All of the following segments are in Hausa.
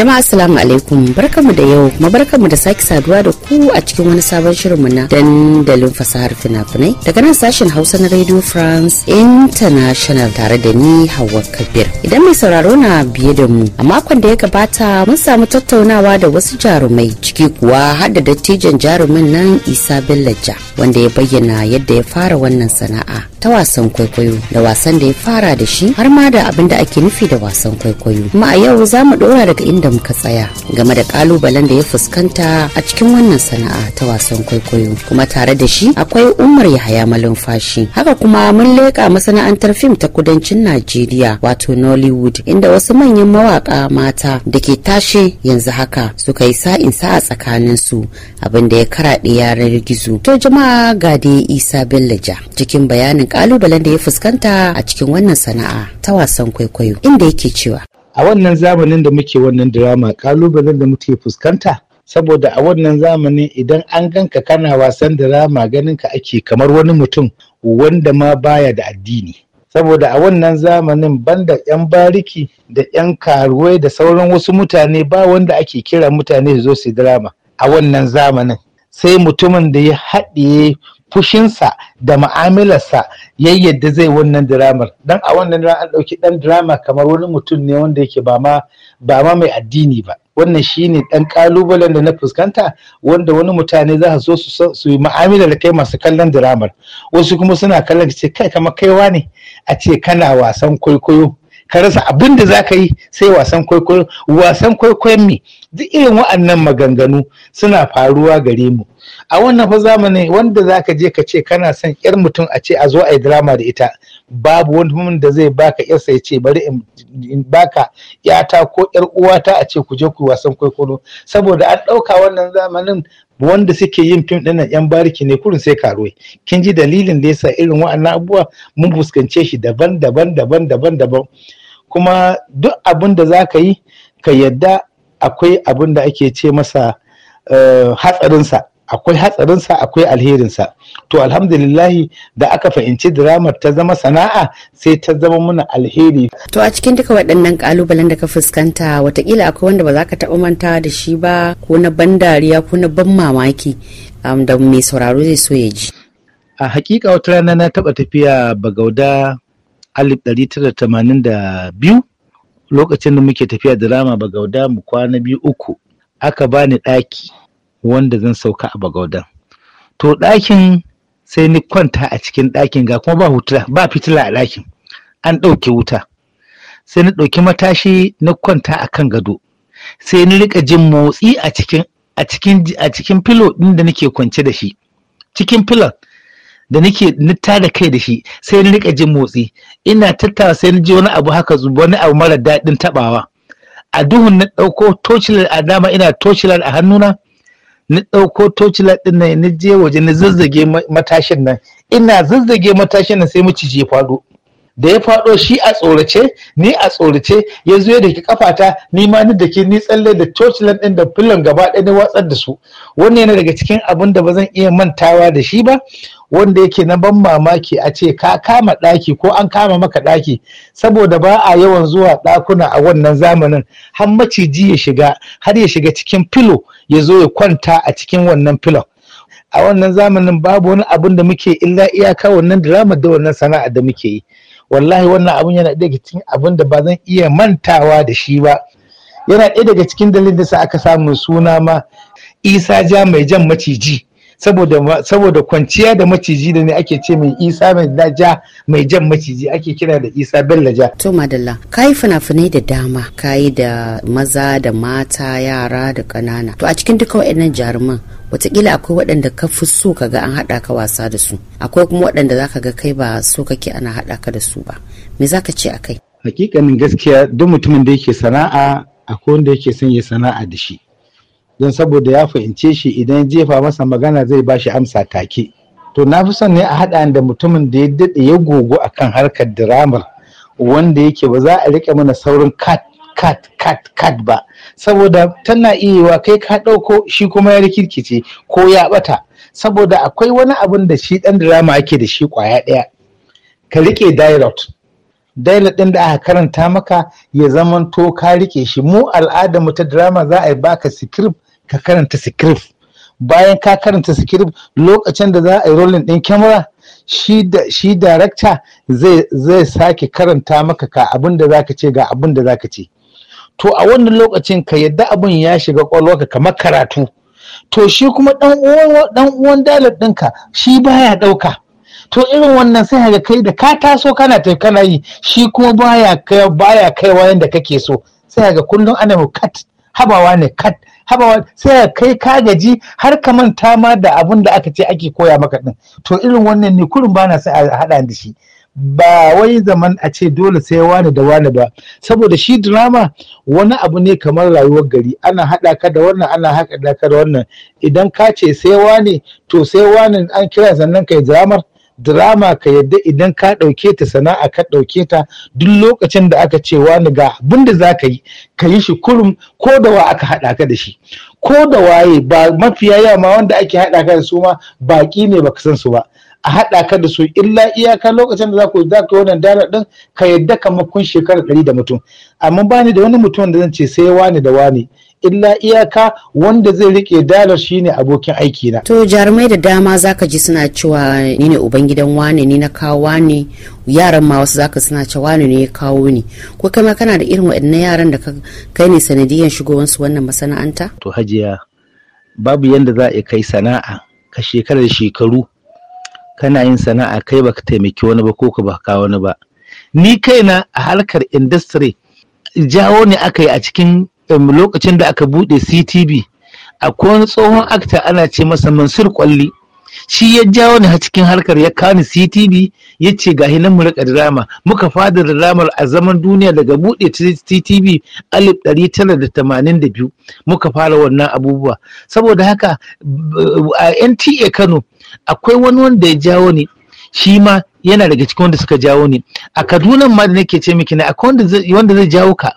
Jama'a assalamu alaikum barkamu da yau kuma barkamu da sake saduwa da ku a cikin wani sabon shirinmu na dandalin fasahar fina-finai daga nan sashen Hausa na Radio France International tare da ni Hauwa Kabir. Idan mai sauraro na biye da mu a makon da ya gabata mun samu tattaunawa da wasu jarumai ciki kuwa har da dattijan jarumin nan Isa bellaja wanda ya bayyana yadda ya fara wannan sana'a ta wasan kwaikwayo da wasan da ya fara da shi har ma da abin da ake nufi da wasan kwaikwayo. Kuma a yau za mu ɗora daga inda muka tsaya. game da kalubalen da ya fuskanta a cikin wannan sana'a ta wasan kwaikwayo kuma tare da shi akwai umar yahaya malumfashi haka kuma mun leƙa masana'antar fim ta kudancin najeriya wato nollywood inda wasu manyan mawaka mata da ke tashe yanzu haka suka yi sa'in sa'a tsakanin su abinda ya karaɗe yaran gizo to jama'a gade isa bellaja cikin bayanin kalubalen da ya fuskanta a cikin wannan sana'a ta wasan kwaikwayo inda yake cewa a wannan zamanin da muke wannan drama kalubalen da muke fuskanta saboda a wannan zamanin idan an ganka kana wasan drama ganin ka ake kamar wani mutum wanda ma baya da addini saboda a wannan zamanin banda 'yan bariki da 'yan karuwai da sauran wasu mutane ba wanda ake kira mutane da zo su drama a wannan zamanin sai mutumin da ya haɗiye fushinsa da ma'amilarsa ya yadda zai wannan diramar dan a wannan an ɗauki ɗan dirama kamar wani mutum ne wanda yake ba ma mai addini ba wannan shi ne ɗan ƙalubalen da na fuskanta wanda wani mutane za su so su yi ma'amila da kai masu kallon diramar wasu kuma suna kallon ce kai kama kaiwa ne a ce kana wasan kwaikwayo ka rasa abin da za ka yi sai wasan kwaikwayon wasan kwaikwayon me duk irin wa'annan maganganu suna faruwa gare mu a wannan fa zamanin wanda za ka je ka ce kana son yar mutum a ce a zo a yi drama da ita babu wani mutum da zai baka yarsa ya ce bari in baka yata ko yar uwata a ce ku je ku wasan kwaikwayo saboda an ɗauka wannan zamanin wanda suke yin fim ɗin yan bariki ne kurin sai karuwai kin ji dalilin da yasa irin wa'annan abubuwa mun fuskance shi daban daban daban daban daban kuma duk abin da za ka yi ka yadda akwai abin da ake ce masa eh, hatsarinsa akwai hatsarinsa akwai alherinsa to alhamdulillahi da aka fahimci diramar ta zama sana'a sai ta zama muna alheri to a cikin duka waɗannan ƙalubalen da ka fuskanta watakila akwai wanda ba za ka taɓa manta da shi ba ko na ban dariya ko na ban mamaki da mai sauraro zai so ya ji a hakika wata rana na taɓa tafiya bagauda 1982 lokacin da muke tafiya da rama bagauda mu kwana biyu uku aka bani ɗaki wanda zan sauka a bagaudan to ɗakin sai ni kwanta a cikin ɗakin ga kuma ba fitila a ɗakin an ɗauke wuta sai ni ɗauki matashi na kwanta a kan gado sai ni rika jin motsi a cikin filo ɗin da nake kwance da shi cikin filon da nake ta da kai da shi sai ni rika jin motsi ina tattara sai ni ji wani abu haka wani abu mara daɗin tabawa a duhun na ɗauko tocilar a ina tocilar a hannuna na ɗauko tocilar ɗin nan na je waje na zazzage matashin nan ina zazzage matashin nan sai mu ci je faɗo da ya faɗo shi a tsorace ni a tsorace ya zo da ke kafata ni ma ni da ke ni tsalle da tocilan ɗin da filon gaba ɗaya na watsar da su wannan yana daga cikin abin da ba iya mantawa da shi ba wanda yake na ban mamaki a ce ka kama ɗaki ko an kama maka ɗaki saboda ba a yawan zuwa ɗakuna a wannan zamanin har maciji ya shiga har ya shiga cikin filo ya zo ya kwanta a cikin wannan filon a wannan zamanin babu wani abin da muke illa iyaka wannan drama da wannan sana'a da muke yi wallahi wannan abun yana ɗaya daga cikin abin da ba zan iya mantawa da shi ba yana ɗaya daga cikin dalilin da sa aka samu suna ma isa ja mai jan maciji saboda kwanciya da maciji da ne ake ce mai isa mai daja mai jan maciji ake kira da isa bellaja to madalla yi fina-finai da dama Ka yi da maza da mata yara da ƙanana to a cikin duka waɗannan jaruman watakila akwai waɗanda ka fi so ka ga an haɗa ka wasa da su akwai kuma waɗanda za ka ga kai ba so kake ana haɗa ka da su ba me za ka ce a kai hakikanin gaskiya duk mutumin da yake sana'a akwai wanda yake son ya sana'a da shi don saboda ya fahimce shi idan ya jefa masa magana zai bashi amsa take to na fi son ne a haɗa da mutumin da ya daɗe ya gogo akan harkar diramar wanda yake ba za a riƙe mana saurin kat kat kat kat ba saboda tana iyawa kai ka ɗauko shi kuma ya rikirkice ko ya ɓata saboda akwai wani abun da shi ɗan dirama ake da shi ƙwaya ɗaya ka riƙe direct daila ɗin da aka karanta maka ya zamanto ka riƙe shi mu al'adar mu ta drama za a yi baka script ka karanta script bayan ka karanta script lokacin da za a yi rolling ɗin kyamara shi da shi director zai zai sake karanta maka ka abin da zaka ce ga abin da zaka ce to a wannan lokacin ka yadda abin ya shiga ka kamar karatu to shi kuma dan uwan dan uwan dalib dinka shi baya ɗauka to irin wannan sai ga kai da ka taso kana ta kana yi shi kuma baya kai baya kaiwa yanda kake so sai ga kullum ana cut habawa ne kat habawa sai kai ka gaji har ka manta ma da abin da aka ce ake koya maka din to irin wannan ne kurin bana sai a hada da shi ba wai zaman a ce dole sai wani da wani ba saboda shi drama wani abu ne kamar rayuwar gari ana hada ka da wannan ana haɗa da wannan idan ka ce sai wani to sai wani an kira sannan kai dramar drama ka yadda idan ka ɗauke ta sana'a ka ɗauke ta duk lokacin da aka ce wani ga abin da za ka yi ka yi shi kurum ko da wa aka haɗa ka da shi ko da waye ba mafiya yawa wanda ake haɗa ka da su ma baƙi ne baka san su ba a haɗa ka da su illa iyaka lokacin da za ku za ka wannan dala ɗin ka yadda kamar kun shekara ɗari da mutum amma bani da wani mutum da zan ce sai wani da wani illa iyaka wanda zai rike dalar shine abokin aiki na to jarumai da dama zaka ji suna cewa ni ne ubangidan wane ni na kawo wane yaran ma wasu zaka suna cewa wane ne ya kawo ni ko kai ma kana da irin waɗannan yaran da ka kai ne sanadiyan shigowansu wannan masana'anta to hajiya babu yanda za a kai sana'a ka shekarar shekaru kana yin sana'a kai baka taimaki wani ba ko ka ba kawo wani ba ni kaina a harkar industry jawo ne aka yi a cikin Um, lokacin da aka buɗe ctb akwai wani tsohon akta ana ce masa Mansur Kwalli shi ya jawo ni cikin harkar ya kani ctb CTV ya ce gahi nan mu rika drama muka fada dramar a zaman duniya daga buɗe CTV 1982 muka fara wannan abubuwa saboda haka a NTA Kano akwai wani wanda ya jawo ni shi ma yana daga cikin wanda suka jawo ni a Kaduna ma da nake ce miki na akwai wanda zai jawo ka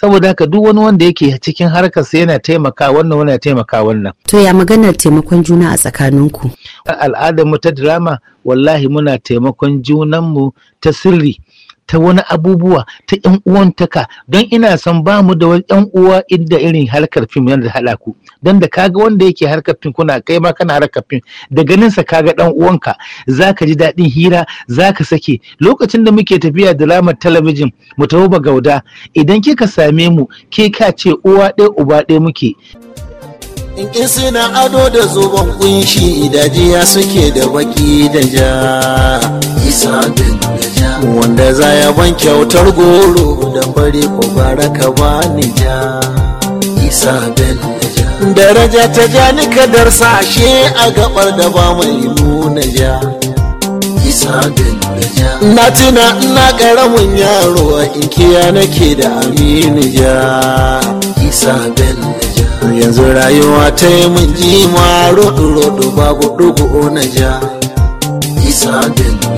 saboda haka duk wani wanda yake cikin harkar sai yana taimaka wannan wani taimaka wannan to ya maganar taimakon juna a tsakaninku al'adar mu ta drama wallahi muna taimakon junanmu ta sirri ta wani abubuwa ta yan uwantaka don ina san ba mu da yan uwa inda irin harkar fim yana da halaku don da kaga wanda yake harkar fim kuna kai ma kana harkar fim da ganin sa kaga dan uwanka zaka ji daɗin hira zaka sake lokacin da muke tafiya da lamar talabijin mu taho gauda idan kika same mu ke ka ce uwa ɗaya uba ɗaya muke in kin suna ado da zuban kunshi idajiya suke da baki da ja isa bin wanda za ya ban kyautar goro dan bari ko baraka ka ja isa ben daraja ta ja ni kadar sashe a gabar da ba mai nuna ja isa ben na tuna ina karamin yaro a inkiya nake da aminu ja isa ben yanzu rayuwa ta yi min jima rodo rodo babu dugu na ja isa ben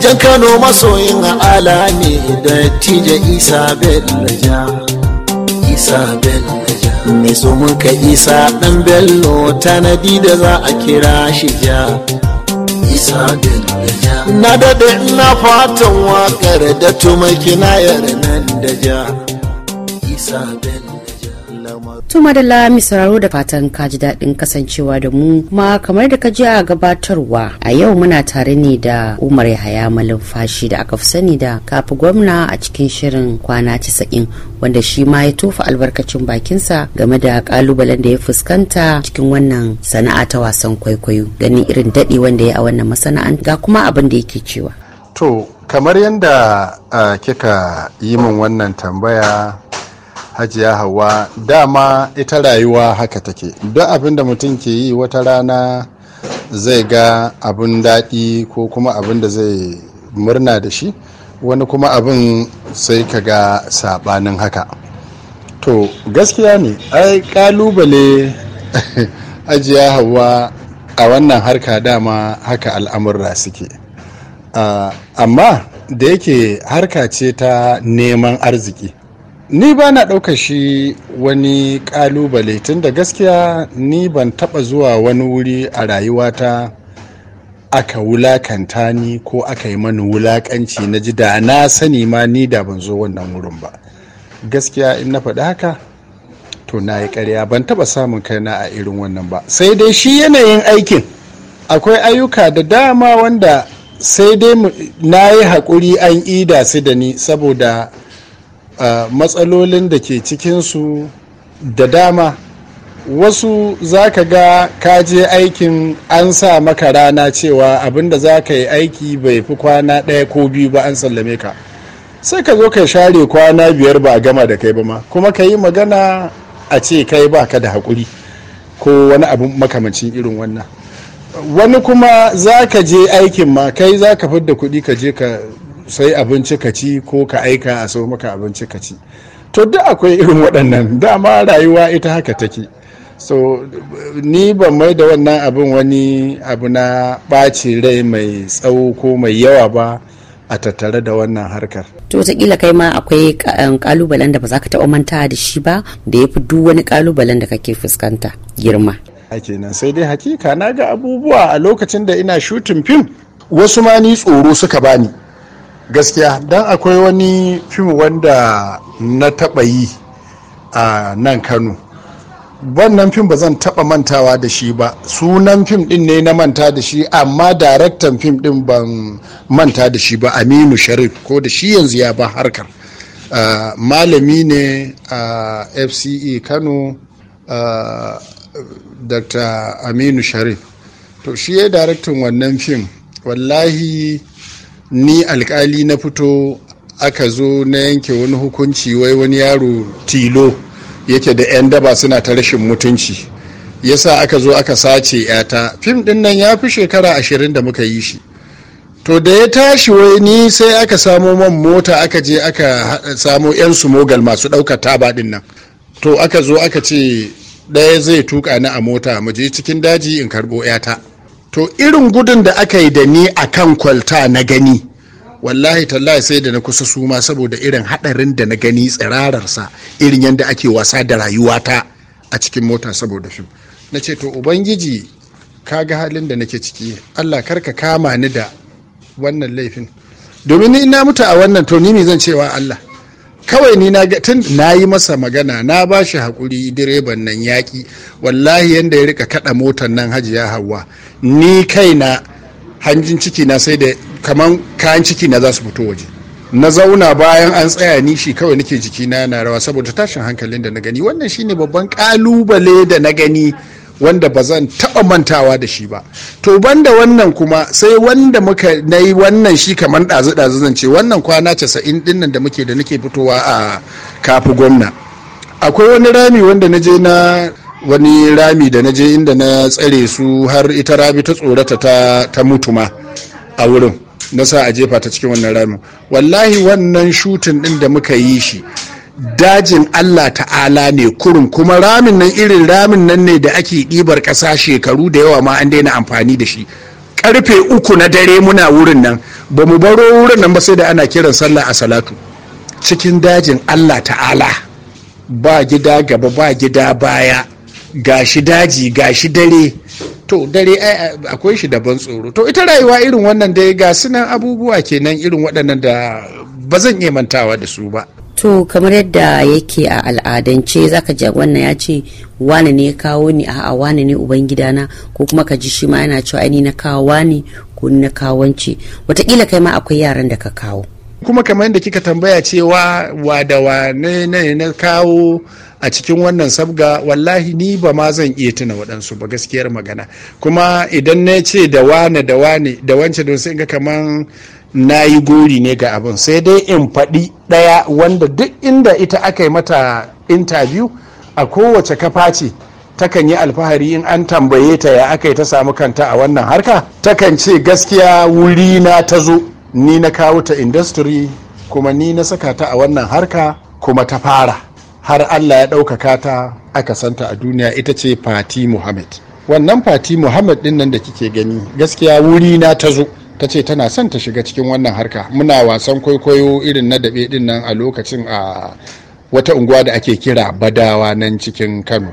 jan kano masoyin ala ne da tije isa ja, isa bellaja mai so ka isa dan bello tanadi da za a kira shi ja isa ja. na dade ina fatan wakar da tumakina yar nan da ja isa bellaja To madalla mi sauraro da fatan ka ji daɗin kasancewa da mu kuma kamar da ka ji a gabatarwa a yau muna tare ne da Umar Yahaya Malumfashi da aka fi sani da kafi gwamna a cikin shirin kwana casa'in, wanda shi ma ya tofa albarkacin bakinsa game da kalubalen da ya fuskanta cikin wannan sana'a ta wasan kwaikwayo ganin irin daɗi wanda ya a wannan masana'an. ga kuma abin da yake cewa. To kamar yadda uh, ah, kika yi min wannan tambaya hajiya hawa dama ita rayuwa haka take duk abin da mutum ke yi wata rana zai ga abin daɗi ko kuma abin da zai murna da shi wani kuma abin sai ka ga saɓanin haka to gaskiya ne ai kalubale ajiya hawa a wannan harka dama haka al'amurra suke ah, amma da yake harka ce ta neman arziki ni ba na ɗauka shi wani ƙalubale tun da gaskiya ni ban taɓa zuwa wani wuri a rayuwata aka wulakanta ni ko aka yi mani wulakanci na ji da na sani ma ni da ban zo wannan wurin ba gaskiya in na faɗi haka to na yi ƙarya ban taɓa samun kaina a irin wannan ba sai dai shi yanayin aikin akwai ayyuka da dama wanda sai dai na yi haƙuri an ida su da ni saboda matsalolin da ke cikinsu da dama wasu za ka ga kaje aikin an sa maka rana cewa abinda za ka yi aiki bai fi kwana ɗaya ko biyu ba an sallame ka sai ka zo ka share kwana biyar ba a gama da kai ba ma kuma ka yi magana a ce kai ba ka da haƙuri ko wani abu makamancin irin wannan wani kuma za ka je aikin ma kai za ka fidda kuɗi ka je ka sai abinci ka ci ko ka aika a sau maka abinci ka ci to da akwai irin waɗannan dama rayuwa ita haka take so ni ban mai da wannan abin wani abu na ɓaci rai mai tsawo ko mai yawa ba a tattare da wannan harkar. To wataƙila kai ma akwai um, ƙalubalen da ba za ka taɓa manta da shi ba da ya fi duk wani ƙalubalen da kake fuskanta girma. kenan sai dai hakika na ga abubuwa a lokacin da ina shutin fim wasu ma ni tsoro suka bani. gaskiya don akwai wani fim wanda na taɓa yi a nan kano wannan fim ba zan taba mantawa da shi ba sunan fim din ne na manta da shi amma daraktan fim din ban manta da shi ba aminu sharif ko da shi yanzu ya ba harkar uh, malami ne a uh, fce kano uh, dr aminu sharif to shi ya daraktan wannan fim wallahi ni alkali na fito aka zo na yanke wani hukunci wai wani yaro tilo yake da 'yan daba suna ta rashin mutunci yasa aka zo aka sace 'yata fim din nan ya fi shekara ashirin da muka yi shi to da ya tashi wai ni sai aka samo man mota aka je aka samo 'yan sumogal masu ɗaukar taba din nan to aka zo aka ce ɗaya zai tuka ni a mota mu je cikin daji in karɓo 'yata to irin gudun da aka yi da ni a kan kwalta na gani wallahi tallahi sai da na kusa suma saboda irin haɗarin da na gani tsirararsa irin yadda ake wasa da rayuwata a cikin mota saboda fim na ce to ubangiji ka ga halin da nake ciki allah karka kama ni da wannan laifin domin ni na mutu a wannan to ni me zan cewa allah kawai ni na tun na yi masa magana na ba shi haƙuri direban nan yaƙi wallahi yadda ya rika kaɗa motar nan hajiya hawa ni kaina hanjin ciki na sai da kaman kayan ciki na za su fito waje na zauna bayan an tsaya ni shi kawai nake jiki na na rawa saboda tashin hankalin da na gani wannan shine babban kalubale da na gani wanda ba zan taɓa mantawa da shi ba to banda wannan kuma sai wanda muka na yi wannan shi kamar ɗazu-ɗazu zan ce wannan kwana casa'in dinnan da muke da nake fitowa a kafi gwamna akwai wani rami wanda na je na wani rami da na je inda na tsare su har ita rabi ta tsorata ta, ta mutu ma a wurin na sa a jefa ta cikin wannan rami wallahi wannan shutin din da muka yi shi dajin allah ta'ala ne kurum kuma ramin nan irin ramin nan ne da ake ɗibar ƙasa shekaru da yawa ma an daina amfani da shi karfe uku na dare muna wurin nan ba mu baro wurin nan ba sai da ana kiran sallah a salatu cikin dajin allah ta'ala ba gida gaba ba gida baya gashi daji gashi dare to dare eh, eh, akwai shi daban tsoro to ita rayuwa irin wannan dai ga sunan abubuwa kenan irin waɗannan da ba zan iya mantawa da su ba to kamar yadda yake a al'adance zaka ji wannan ya ce wani ne kawo ni a wani ne ubangidana ko kuma ka ji shi ma yana cewa ni na kawo wani ko ni na kawance watakila kai ma akwai yaran da ka kawo kuma kamar yadda kika tambaya cewa wa da wane ne na kawo a cikin wannan sabga wallahi ni ba ma zan iya tuna waɗansu ba gaskiyar magana kuma idan na ce da wane da wane da wance don sai ga kaman na yi gori ne ga abin sai dai in faɗi ɗaya wanda duk inda ita aka yi mata intabiyu a kowace kafa ce takan yi alfahari in an tambaye ta ya aka yi ta samu kanta a wannan harka takan ce gaskiya wuri na ta zo ni na kawo ta industry kuma ni na saka ta a wannan harka kuma ta fara har allah ya ɗaukaka ta aka santa a duniya ita ce fati muhammad wannan fati muhammad din nan da kike gani gaskiya wuri na ta zo ta ce tana son ta shiga cikin wannan harka muna wasan kwaikwayo irin na daɓe din nan a lokacin a wata unguwa da ake kira badawa nan cikin kano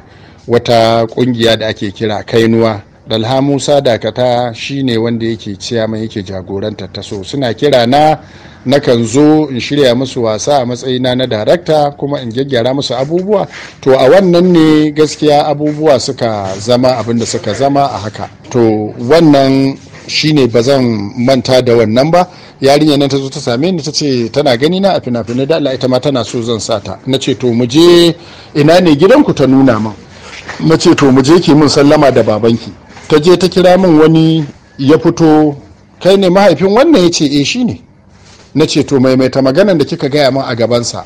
wata ƙungiya da ake kira kainuwa dalha musa dakata shine wanda yake ciyaman yake jagoranta ta so suna kira na nakan zo in shirya musu wasa a matsayina na darakta kuma in gyaggyara musu abubuwa to a wannan ne gaskiya abubuwa suka zama abin da suka zama a haka to wannan shine ba zan manta da wannan ba yarinya nan ta zo ta same ni ta ce tana gani na a fina-finai da Allah ita ma tana so zan sa na ce to mu je ina ne gidanku ta nuna min na to mu je ki mun sallama da babanki ta je ta kira min wani ya fito kai ne mahaifin wannan ya ce e shi ne na ce to maimaita maganan da kika gaya min a gabansa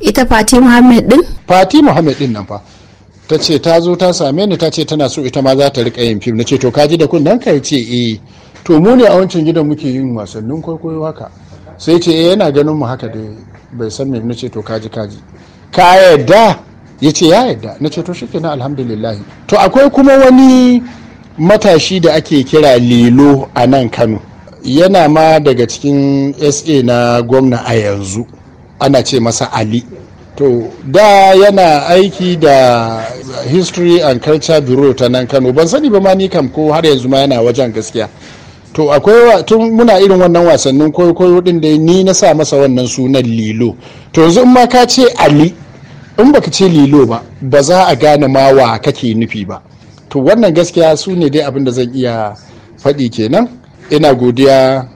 ita fati muhammed din fati muhammed din nan fa ta ce ta zo ta same ni ta ce tana so ita ma za ta rika yin fim na ce to ka ji da kun nan kai ce e to mu ne a wancan gidan muke yin wasannin kwaikwayo haka sai ce eh, yana ganin mu haka dai bai san me na ce to kaji kaji ka yadda ya ce ya yadda na ce to shikenan alhamdulillah to akwai kuma wani matashi da ake kira lilo a nan kano yana ma daga cikin sa na gwamna a yanzu ana ce masa ali to da yana aiki da history and culture bureau ta nan kano ban sani ba ma ni kam ko har yanzu ma yana wajen gaskiya to akwai tun muna irin wannan wasannin koyo din da ni na sa masa wannan sunan lilo to yanzu in ma ka ce ali in baka ce lilo ba ba za a gane ma wa kake nufi ba to wannan gaskiya su ne dai abin da zan iya faɗi kenan ina godiya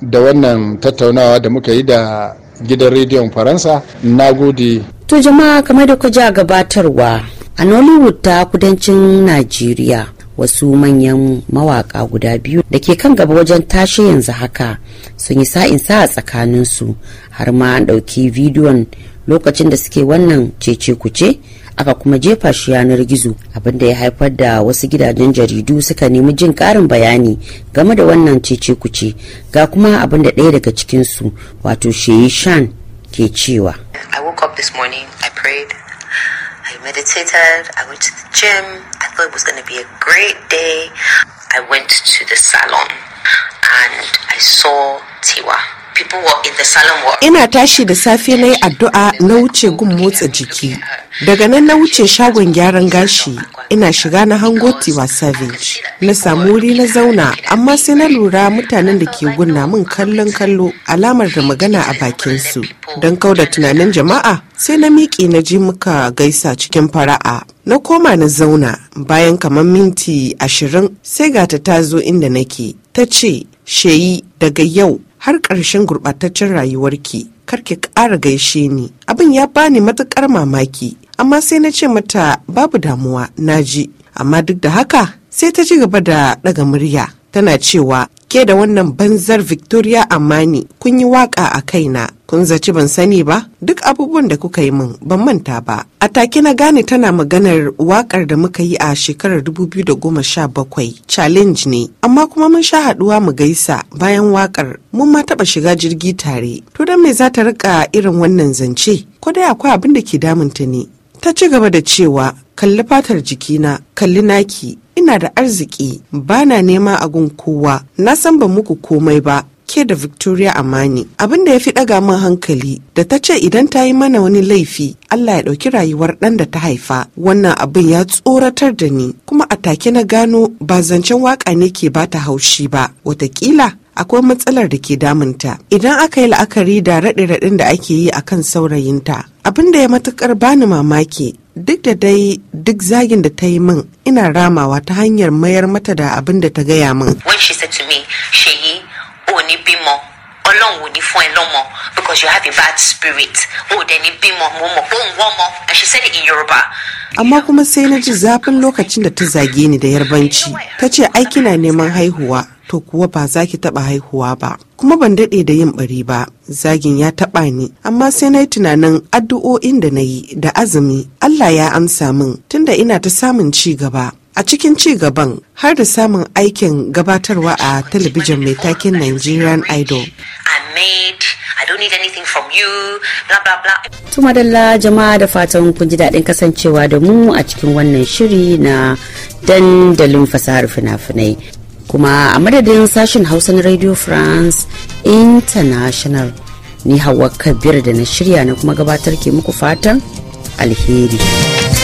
da wannan tattaunawa da muka yi da gidan rediyon faransa na gode to jama'a kamar da ku gabatarwa a nollywood ta kudancin najeriya wasu manyan mawaka guda biyu da ke kan gaba wajen tashi yanzu haka sun yi sa'in sa a tsakaninsu har ma an ɗauki bidiyon lokacin da suke wannan cece kuce aka kuma jefa shi yanar gizo abinda ya haifar da wasu gidajen jaridu suka nemi jin karin bayani game da wannan cece kuce ga kuma abinda ɗaya daga cikinsu wato sheyi shan ke cewa i woke up i prayed meditated i went to the day i went to the salon and i saw tiwa Ina tashi da safe na yi addu'a na wuce gun motsa jiki. Daga nan na wuce shagon gyaran gashi ina shiga na hango tiwa savage. Na samu wuri na zauna amma sai na lura mutanen da ke gunna min kallon kallo alamar da magana a bakinsu. Don kauda tunanin jama'a sai na miƙe na ji muka gaisa cikin fara'a. Na koma na zauna bayan kamar minti ashirin sai gata ta zo inda nake. Ta ce, Sheyi daga yau har ƙarshen gurɓataccen rayuwarki kar ki ƙara gaishe ni abin ya bani matuƙar mamaki amma sai na ce mata babu damuwa naji amma duk da haka sai ta ci gaba da ɗaga murya tana cewa ke da wannan banzar victoria amani kun yi waka a kaina kun zaci ban sani ba duk abubuwan da kuka yi min ban manta ba a take na gane tana maganar wakar da muka yi a shekarar 2017 challenge ne amma kuma mun sha haduwa mu gaisa bayan wakar mun ma taba shiga jirgi tare to dan me za ta rika irin wannan zance ko dai akwai abin da ke damunta ne ta ci gaba da cewa kalli fatar jikina kalli naki ina da arziki bana nema a gun kowa na san ba muku komai ba ke da victoria amani abin da ya fi ɗaga min hankali da ta ce idan ta yi mana wani laifi allah ya ɗauki rayuwar ɗan da ta haifa wannan abin ya tsoratar da ni kuma a take na gano ba zancen waka ne ke ba ta haushi ba watakila akwai matsalar da ke damunta idan aka yi la'akari da raɗe raɗen da ake yi a kan saurayinta abin da ya matukar bani mamaki duk da dai duk zagin da ta yi min ina ramawa ta hanyar mayar mata da abin da ta gaya min when she said to me yi oni bimo ọlọ́run wo ni fún ẹ lọ́mọ because you have a bad spirit o dẹ̀ ni bímọ mo mọ̀ o n wọ́n and she said it in Yoruba. amma kuma sai na ji zafin lokacin da ta zage ni da yarbanci ta ce ai kina neman haihuwa to kuwa ba za ki taɓa haihuwa ba kuma ban daɗe da yin bari ba zagin ya taɓa ni amma sai na yi tunanin addu'o'in da na yi da azumi Allah ya amsa min tunda ina ta samun ci gaba a cikin ci gaban har da samun aikin gabatarwa a talabijin mai taken Nigerian Idol. Tuma jama'a da fatan ku ji daɗin kasancewa da mu a cikin wannan shiri na dandalin fasahar fina-finai. kuma a madadin sashen hausa na radio france international ni hawa kabir da na shirya na kuma gabatar ke muku fatan alheri.